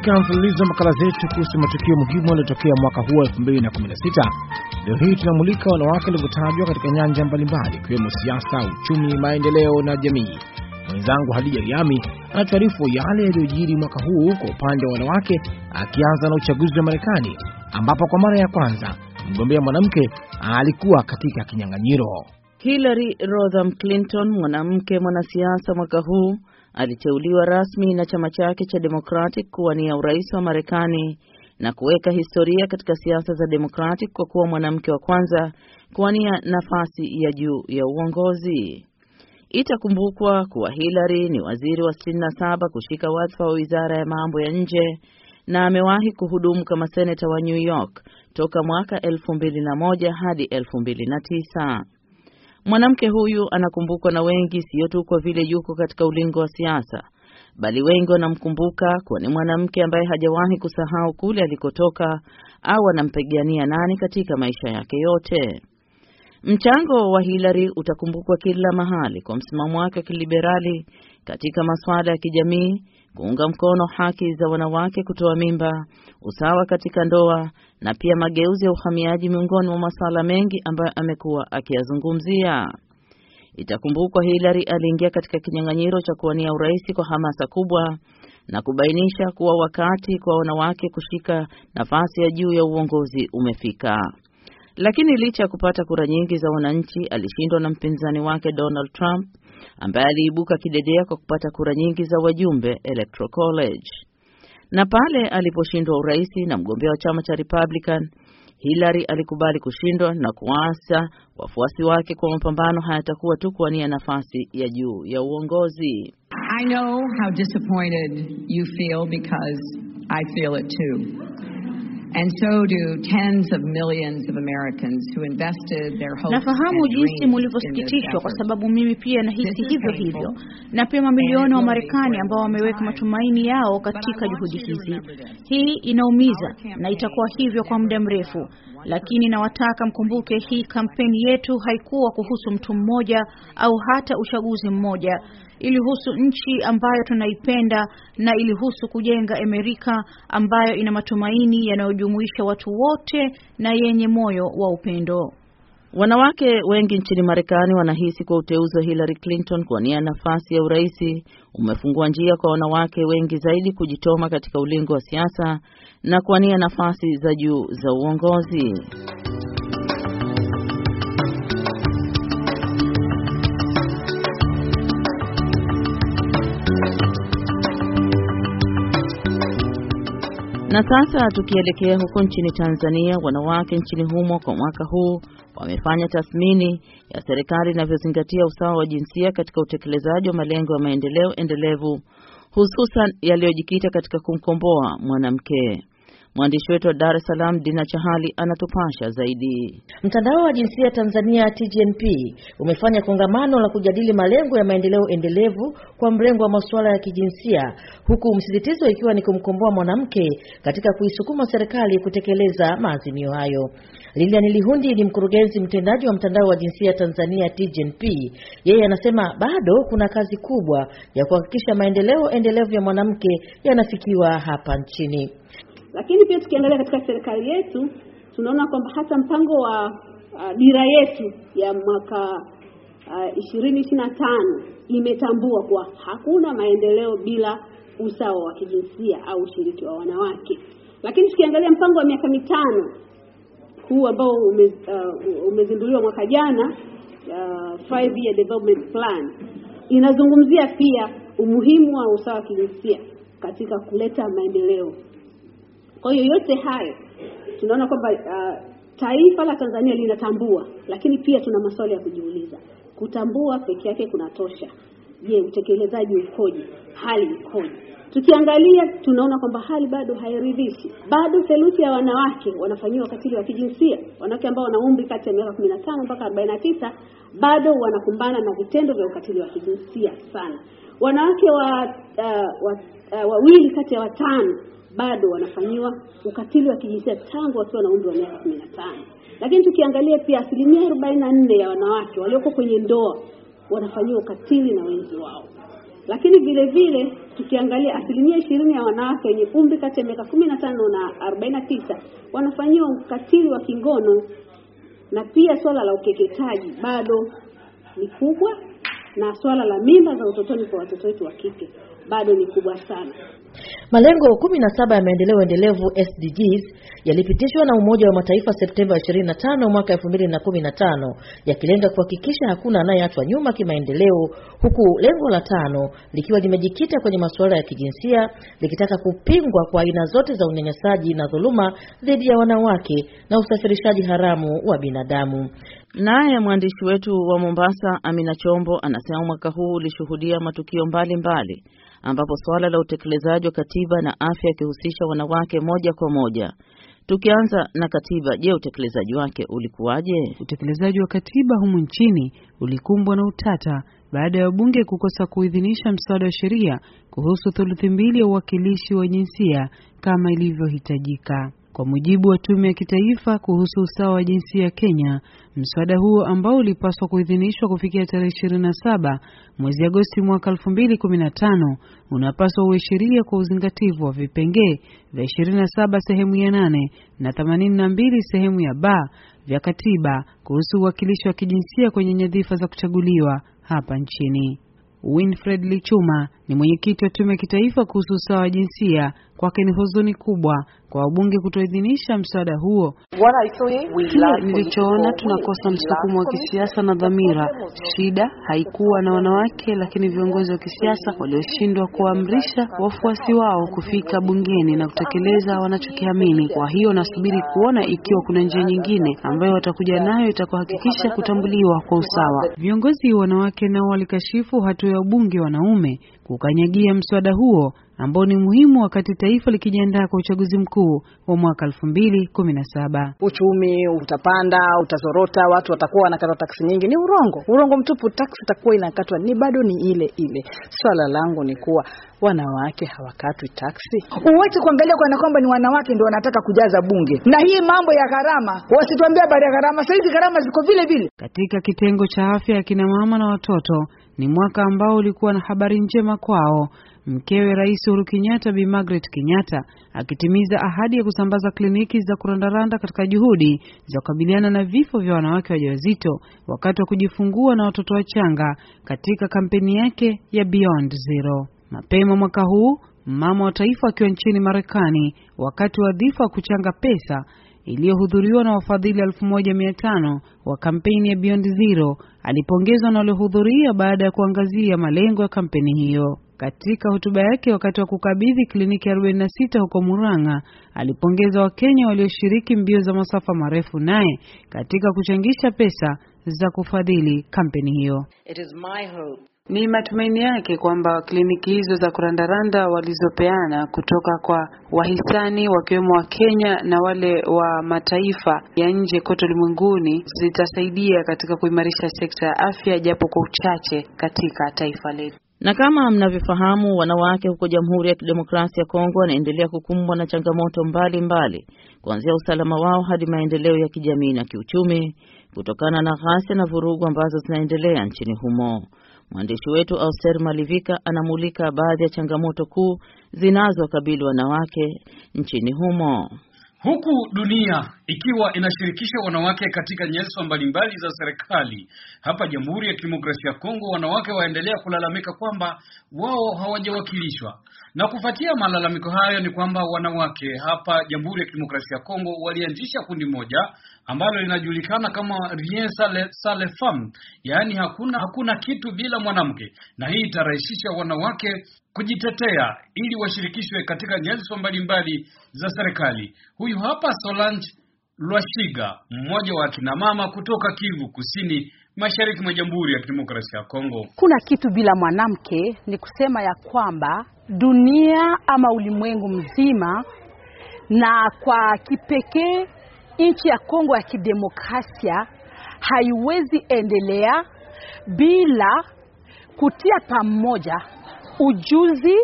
katika mfululizo wa makala zetu kuhusu matukio muhimu yaliyotokea mwaka huu wa 2016, leo hii tunamulika wanawake walivyotajwa katika nyanja mbalimbali ikiwemo siasa, uchumi, maendeleo na jamii. Mwenzangu Hadija Riami anatuarifu yale yaliyojiri mwaka huu kwa upande wa wanawake, akianza na uchaguzi wa Marekani ambapo kwa mara ya kwanza mgombea mwanamke alikuwa katika kinyang'anyiro. Hillary Rodham Clinton, mwanamke mwanasiasa, mwaka huu aliteuliwa rasmi na chama chake cha Democratic kuwania urais wa Marekani na kuweka historia katika siasa za Democratic kwa kuwa mwanamke wa kwanza kuwania nafasi ya juu ya uongozi. Itakumbukwa kuwa Hillary ni waziri wa 67 kushika wadhifa wa wizara ya mambo ya nje na amewahi kuhudumu kama seneta wa New York toka mwaka 2001 hadi 2009. Mwanamke huyu anakumbukwa na wengi, sio tu kwa vile yuko katika ulingo wa siasa, bali wengi wanamkumbuka kuwa ni mwanamke ambaye hajawahi kusahau kule alikotoka au anampigania nani katika maisha yake yote. Mchango wa Hillary utakumbukwa kila mahali kwa msimamo wake wa kiliberali katika masuala ya kijamii, kuunga mkono haki za wanawake kutoa mimba, usawa katika ndoa na pia mageuzi ya uhamiaji miongoni mwa masuala mengi ambayo amekuwa akiyazungumzia. Itakumbukwa Hillary aliingia katika kinyang'anyiro cha kuwania urais kwa hamasa kubwa na kubainisha kuwa wakati kwa wanawake kushika nafasi ya juu ya uongozi umefika. Lakini licha ya kupata kura nyingi za wananchi, alishindwa na mpinzani wake Donald Trump ambaye aliibuka kidedea kwa kupata kura nyingi za wajumbe Electoral College na pale aliposhindwa urais na mgombea wa chama cha Republican Hillary alikubali kushindwa na kuasa wafuasi wake kwa mapambano hayatakuwa tu kuwania nafasi ya juu ya uongozi. I know how disappointed you feel because I feel it too. And so do tens of millions of Americans who invested their hopes. Nafahamu jinsi mlivyosikitishwa kwa sababu mimi pia nahisi hivyo hivyo, na pia mamilioni wa Marekani ambao wameweka matumaini yao katika juhudi hizi. Hii inaumiza na itakuwa hivyo kwa muda mrefu, lakini nawataka mkumbuke, hii kampeni yetu haikuwa kuhusu mtu mmoja au hata uchaguzi mmoja ilihusu nchi ambayo tunaipenda na ilihusu kujenga Amerika ambayo ina matumaini yanayojumuisha watu wote na yenye moyo wa upendo. Wanawake wengi nchini Marekani wanahisi kuwa uteuzi wa Hillary Clinton kuwania nafasi ya uraisi umefungua njia kwa wanawake wengi zaidi kujitoma katika ulingo wa siasa na kuwania nafasi za juu za uongozi. Na sasa tukielekea huko nchini Tanzania, wanawake nchini humo kwa mwaka huu wamefanya tathmini ya serikali inavyozingatia usawa wa jinsia katika utekelezaji wa malengo ya maendeleo endelevu, hususan yaliyojikita katika kumkomboa mwanamke. Mwandishi wetu wa Dar es Salaam Dina Chahali anatupasha zaidi. Mtandao wa jinsia Tanzania TGNP umefanya kongamano la kujadili malengo ya maendeleo endelevu kwa mrengo wa masuala ya kijinsia, huku msisitizo ikiwa ni kumkomboa mwanamke katika kuisukuma serikali kutekeleza maazimio hayo. Lilian Lihundi ni mkurugenzi mtendaji wa mtandao wa jinsia Tanzania TGNP. Yeye anasema bado kuna kazi kubwa ya kuhakikisha maendeleo endelevu ya mwanamke yanafikiwa hapa nchini. Lakini pia tukiangalia katika serikali yetu tunaona kwamba hata mpango wa uh, dira yetu ya mwaka uh, ishirini uh, na tano imetambua kuwa hakuna maendeleo bila usawa wa kijinsia au ushiriki wa wanawake. Lakini tukiangalia mpango wa miaka mitano huu ambao ume, uh, umezinduliwa mwaka jana uh, five year development plan inazungumzia pia umuhimu wa usawa wa kijinsia katika kuleta maendeleo kwa hiyo yote hayo tunaona kwamba uh, taifa la Tanzania linatambua, lakini pia tuna maswali ya kujiuliza. Kutambua peke yake kunatosha? Je, utekelezaji ukoje? Hali ikoje? Tukiangalia tunaona kwamba hali bado hairidhishi. Bado theluthi ya wanawake wanafanyiwa ukatili wa kijinsia. Wanawake ambao wana umri kati ya miaka 15 mpaka 49 bado wanakumbana na vitendo vya ukatili wa kijinsia sana. Wanawake wa uh, wa, uh, wawili kati ya watano bado wanafanyiwa ukatili wa kijinsia tangu wakiwa na umri wa miaka kumi na tano. Lakini tukiangalia pia asilimia arobaini na nne ya wanawake walioko kwenye ndoa wanafanyiwa ukatili na wenzi wao. Lakini vile vile tukiangalia asilimia ishirini ya wanawake wenye umri kati ya miaka kumi na tano na arobaini na tisa wanafanyiwa ukatili wa kingono, na pia swala la ukeketaji bado ni kubwa, na swala la mimba za utotoni kwa watoto wetu wa kike bado ni kubwa sana. Malengo 17 ya maendeleo endelevu SDGs yalipitishwa na Umoja wa Mataifa Septemba 25 mwaka 2015 yakilenga kuhakikisha hakuna anayeachwa nyuma kimaendeleo, huku lengo la tano likiwa limejikita kwenye masuala ya kijinsia likitaka kupingwa kwa aina zote za unyanyasaji na dhuluma dhidi ya wanawake na usafirishaji haramu wa binadamu. Naye mwandishi wetu wa Mombasa Amina Chombo anasema mwaka huu ulishuhudia matukio mbalimbali mbali ambapo swala la utekelezaji wa katiba na afya yakihusisha wanawake moja kwa moja. Tukianza na katiba, je, utekelezaji wake ulikuwaje? Utekelezaji wa katiba humu nchini ulikumbwa na utata baada ya wabunge kukosa kuidhinisha mswada wa sheria kuhusu thuluthi mbili ya uwakilishi wa jinsia kama ilivyohitajika. Kwa mujibu wa Tume ya Kitaifa kuhusu Usawa wa Jinsia Kenya, mswada huo ambao ulipaswa kuidhinishwa kufikia tarehe 27 mwezi Agosti mwaka 2015 unapaswa uwe sheria kwa uzingativu wa vipengee vya 27 sehemu ya 8 na 82 sehemu ya ba vya katiba kuhusu uwakilishi wa kijinsia kwenye nyadhifa za kuchaguliwa hapa nchini. Winfred Lichuma ni mwenyekiti wa tume ya kitaifa kuhusu usawa wa jinsia, kwake ni huzuni kubwa kwa wabunge kutoidhinisha msaada huo. Kile nilichoona, tunakosa msukumo wa kisiasa na dhamira. Shida haikuwa na wanawake, lakini viongozi wa kisiasa walioshindwa kuamrisha wafuasi wao kufika bungeni na kutekeleza wanachokiamini. Kwa hiyo nasubiri kuona ikiwa kuna njia nyingine ambayo watakuja nayo itakuhakikisha kutambuliwa kwa usawa. Viongozi wanawake nao walikashifu hatua ya wabunge wanaume kukanyagia mswada huo ambao ni muhimu wakati taifa likijiandaa kwa uchaguzi mkuu wa mwaka saba. Uchumi utapanda, utazorota, watu watakuwa wanakatwa taksi nyingi. Ni urongo, urongo mtupu. Taksi itakuwa inakatwa ni bado ni ile ile. Swala langu ni kuwa wanawake hawakatwi taksi. Uwache kuangalia kana kwamba ni wanawake ndio wanataka kujaza bunge na hii mambo ya gharama, wasituambia habari ya gharama. Sasa hizi gharama ziko vile vile. Katika kitengo cha afya ya kina mama na watoto ni mwaka ambao ulikuwa na habari njema kwao, mkewe Rais Uhuru Kenyatta Bi Margaret Kenyatta akitimiza ahadi ya kusambaza kliniki za kurandaranda katika juhudi za kukabiliana na vifo vya wanawake wajawazito wakati wa kujifungua na watoto wachanga katika kampeni yake ya Beyond Zero. Mapema mwaka huu mama wa taifa akiwa nchini Marekani wakati wa dhifa wa kuchanga pesa iliyohudhuriwa na wafadhili 1500 wa kampeni ya Beyond Zero alipongezwa na waliohudhuria baada ya kuangazia malengo ya kampeni hiyo. Katika hotuba yake wakati wa kukabidhi kliniki 46 huko Murang'a, alipongeza Wakenya walioshiriki mbio za masafa marefu naye katika kuchangisha pesa za kufadhili kampeni hiyo. It is my hope ni matumaini yake kwamba kliniki hizo za kurandaranda walizopeana kutoka kwa wahisani wakiwemo wa Kenya na wale wa mataifa ya nje kote ulimwenguni zitasaidia katika kuimarisha sekta ya afya japo kwa uchache katika taifa letu. Na kama mnavyofahamu, wanawake huko Jamhuri ya Kidemokrasia ya Kongo wanaendelea kukumbwa na changamoto mbalimbali, kuanzia usalama wao hadi maendeleo ya kijamii na kiuchumi, kutokana na ghasia na vurugu ambazo zinaendelea nchini humo. Mwandishi wetu Auster Malivika anamulika baadhi ya changamoto kuu zinazokabili wanawake nchini humo. Huku dunia ikiwa inashirikisha wanawake katika nyadhifa mbalimbali za serikali, hapa Jamhuri ya Kidemokrasia ya Kongo wanawake waendelea kulalamika kwamba wao hawajawakilishwa. Na kufuatia malalamiko hayo, ni kwamba wanawake hapa Jamhuri ya Kidemokrasia ya Kongo walianzisha kundi moja ambalo linajulikana kama rien sans les femmes, yaani hakuna hakuna kitu bila mwanamke, na hii itarahisisha wanawake kujitetea ili washirikishwe katika nyenzo mbalimbali za serikali. Huyu hapa Solange Lwashiga, mmoja wa kina mama kutoka Kivu Kusini, mashariki mwa Jamhuri ya Kidemokrasia ya Kongo. Kuna kitu bila mwanamke ni kusema ya kwamba dunia ama ulimwengu mzima, na kwa kipekee nchi ya Kongo ya kidemokrasia haiwezi endelea bila kutia pamoja ujuzi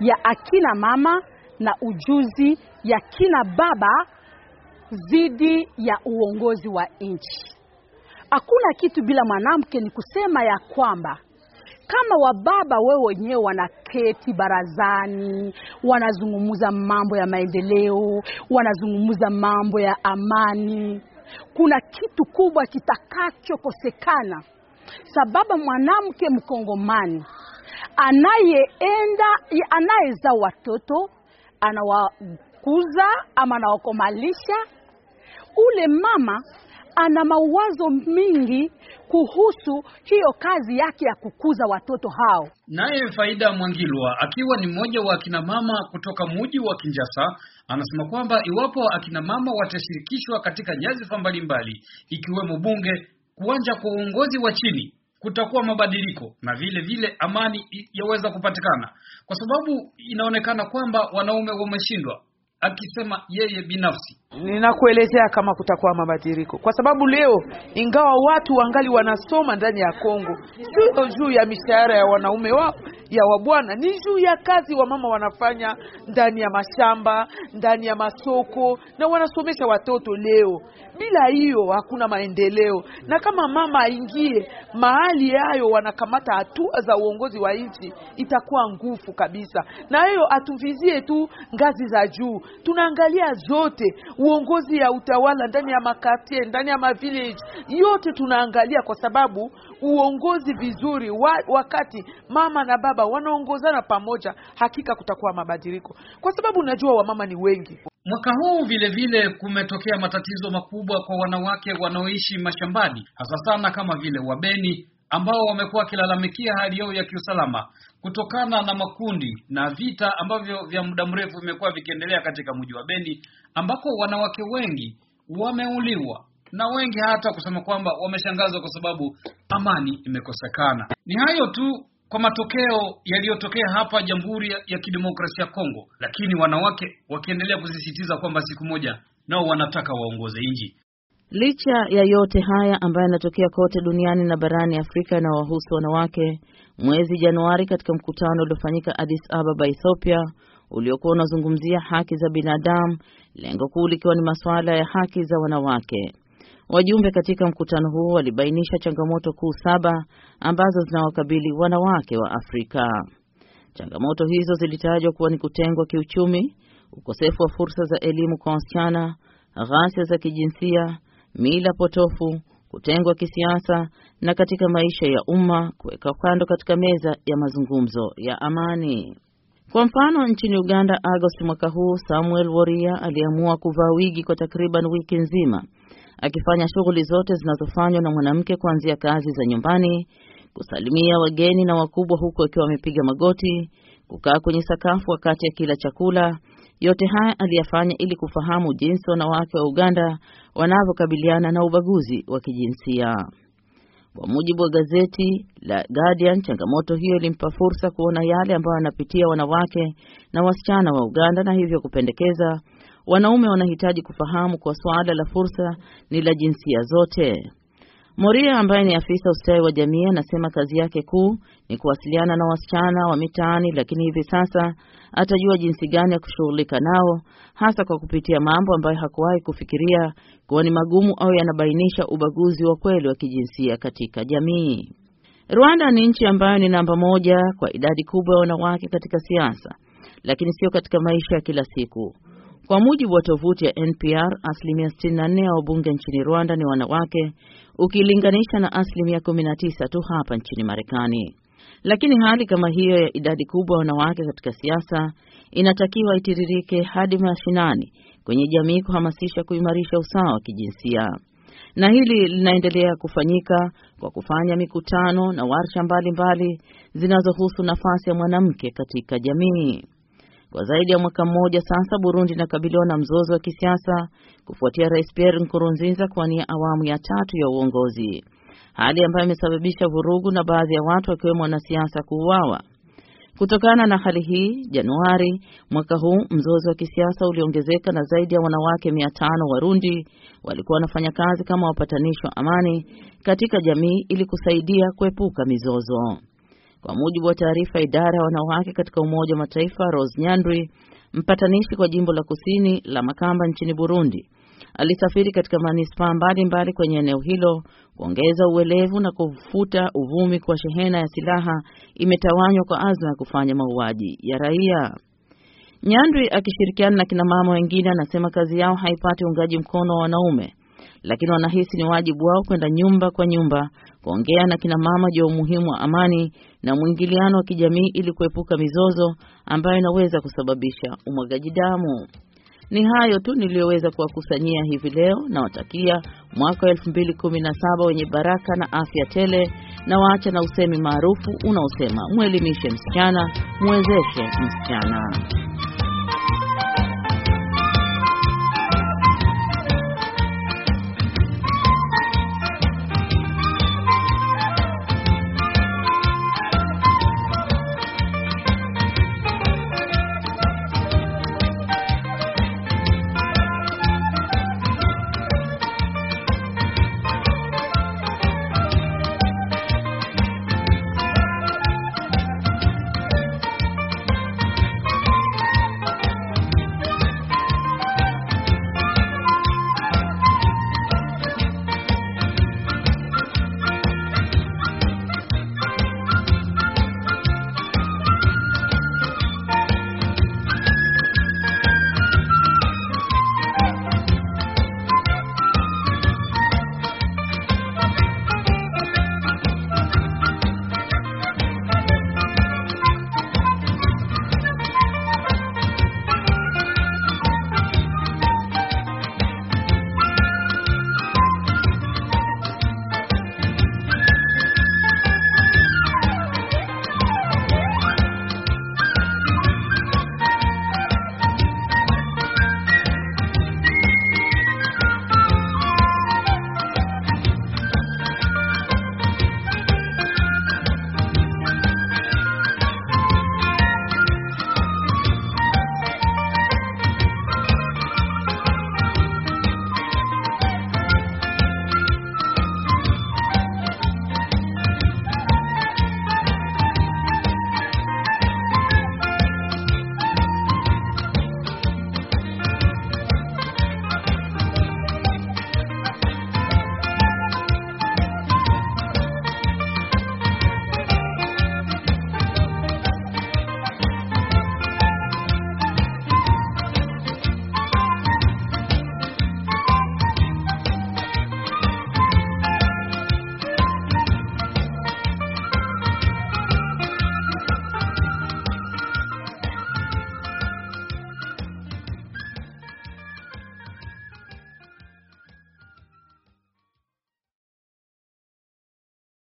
ya akina mama na ujuzi ya kina baba dhidi ya uongozi wa nchi. Hakuna kitu bila mwanamke, ni kusema ya kwamba kama wababa wewe wenyewe wanaketi barazani, wanazungumza mambo ya maendeleo, wanazungumza mambo ya amani, kuna kitu kubwa kitakachokosekana, sababu mwanamke mkongomani anayeenda anayezaa watoto anawakuza ama anawakomalisha, ule mama ana mawazo mingi kuhusu hiyo kazi yake ya kukuza watoto hao. Naye Faida Mwangilwa akiwa ni mmoja wa akina mama kutoka muji wa Kinjasa anasema kwamba iwapo akina mama watashirikishwa katika nyadhifa mbalimbali ikiwemo bunge, kuanja kwa uongozi wa chini kutakuwa mabadiliko na vile vile amani yaweza kupatikana, kwa sababu inaonekana kwamba wanaume wameshindwa akisema yeye binafsi, ninakuelezea kama kutakuwa mabadiliko, kwa sababu leo ingawa watu wangali wanasoma ndani ya Kongo, sio juu ya mishahara ya wanaume wao ya wabwana, ni juu ya kazi wa mama wanafanya ndani ya mashamba, ndani ya masoko, na wanasomesha watoto leo. Bila hiyo hakuna maendeleo, na kama mama aingie mahali yayo wanakamata hatua za uongozi wa nchi, itakuwa ngufu kabisa. Na hiyo hatuvizie tu ngazi za juu, tunaangalia zote, uongozi ya utawala ndani ya makartie, ndani ya mavillage, yote tunaangalia, kwa sababu uongozi vizuri wa, wakati mama na baba wanaongozana pamoja, hakika kutakuwa mabadiliko, kwa sababu unajua wamama ni wengi. Mwaka huu vile vile kumetokea matatizo makubwa kwa wanawake wanaoishi mashambani, hasa sana kama vile Wabeni ambao wamekuwa wakilalamikia hali yao ya kiusalama kutokana na makundi na vita ambavyo vya muda mrefu vimekuwa vikiendelea katika mji wa Beni, ambako wanawake wengi wameuliwa na wengi hata kusema kwamba wameshangazwa kwa sababu amani imekosekana. Ni hayo tu kwa matokeo yaliyotokea hapa Jamhuri ya Kidemokrasia ya Kongo, lakini wanawake wakiendelea kusisitiza kwamba siku moja nao wanataka waongoze nchi. Licha ya yote haya ambayo yanatokea kote duniani na barani Afrika na wahusu wanawake, mwezi Januari katika mkutano uliofanyika Addis Ababa, Ethiopia, uliokuwa unazungumzia haki za binadamu, lengo kuu likiwa ni masuala ya haki za wanawake. Wajumbe katika mkutano huo walibainisha changamoto kuu saba ambazo zinawakabili wanawake wa Afrika. Changamoto hizo zilitajwa kuwa ni kutengwa kiuchumi, ukosefu wa fursa za elimu kwa wasichana, ghasia za kijinsia, mila potofu, kutengwa kisiasa na katika maisha ya umma, kuweka kando katika meza ya mazungumzo ya amani. Kwa mfano, nchini Uganda, Agosti mwaka huu, Samuel Woria aliamua kuvaa wigi kwa takriban wiki nzima akifanya shughuli zote zinazofanywa na mwanamke kuanzia kazi za nyumbani, kusalimia wageni na wakubwa huku akiwa amepiga magoti, kukaa kwenye sakafu wakati ya kila chakula. Yote haya aliyafanya ili kufahamu jinsi wanawake wa Uganda wanavyokabiliana na ubaguzi wa kijinsia. Kwa mujibu wa gazeti la Guardian, changamoto hiyo ilimpa fursa kuona yale ambayo wanapitia wanawake na wasichana wa Uganda na hivyo kupendekeza Wanaume wanahitaji kufahamu kuwa suala la fursa ni la jinsia zote. Moria ambaye ni afisa ustawi wa jamii anasema kazi yake kuu ni kuwasiliana na wasichana wa mitaani, lakini hivi sasa atajua jinsi gani ya kushughulika nao, hasa kwa kupitia mambo ambayo hakuwahi kufikiria kuwa ni magumu au yanabainisha ubaguzi wa kweli wa kijinsia katika jamii. Rwanda ni nchi ambayo ni namba moja kwa idadi kubwa ya wanawake katika siasa, lakini sio katika maisha ya kila siku. Kwa mujibu wa tovuti ya NPR, asilimia 64 ya wabunge nchini Rwanda ni wanawake ukilinganisha na asilimia 19 tu hapa nchini Marekani. Lakini hali kama hiyo ya idadi kubwa ya wanawake katika siasa inatakiwa itiririke hadi mashinani kwenye jamii kuhamasisha kuimarisha usawa wa kijinsia. Na hili linaendelea kufanyika kwa kufanya mikutano na warsha mbalimbali zinazohusu nafasi ya mwanamke katika jamii. Kwa zaidi ya mwaka mmoja sasa, Burundi inakabiliwa na mzozo wa kisiasa kufuatia Rais Pierre Nkurunziza kuwania awamu ya tatu ya uongozi, hali ambayo imesababisha vurugu na baadhi ya watu wakiwemo wanasiasa kuuawa. Kutokana na hali hii, Januari mwaka huu mzozo wa kisiasa uliongezeka na zaidi ya wanawake mia tano Warundi walikuwa wanafanya kazi kama wapatanishi wa amani katika jamii ili kusaidia kuepuka mizozo. Kwa mujibu wa taarifa idara ya wanawake katika Umoja wa Mataifa, Rose Nyandwi, mpatanishi kwa jimbo la kusini la Makamba nchini Burundi, alisafiri katika manispaa mbalimbali kwenye eneo hilo kuongeza uelevu na kufuta uvumi kwa shehena ya silaha imetawanywa kwa azma ya kufanya mauaji ya raia. Nyandwi akishirikiana na kinamama wengine anasema kazi yao haipati uungaji mkono wa wanaume lakini wanahisi ni wajibu wao kwenda nyumba kwa nyumba kuongea na kina mama juu ya umuhimu wa amani na mwingiliano wa kijamii ili kuepuka mizozo ambayo inaweza kusababisha umwagaji damu. Ni hayo tu niliyoweza kuwakusanyia hivi leo. Nawatakia mwaka wa 2017 wenye baraka na afya tele, na waacha na usemi maarufu unaosema mwelimishe msichana, mwezeshe msichana.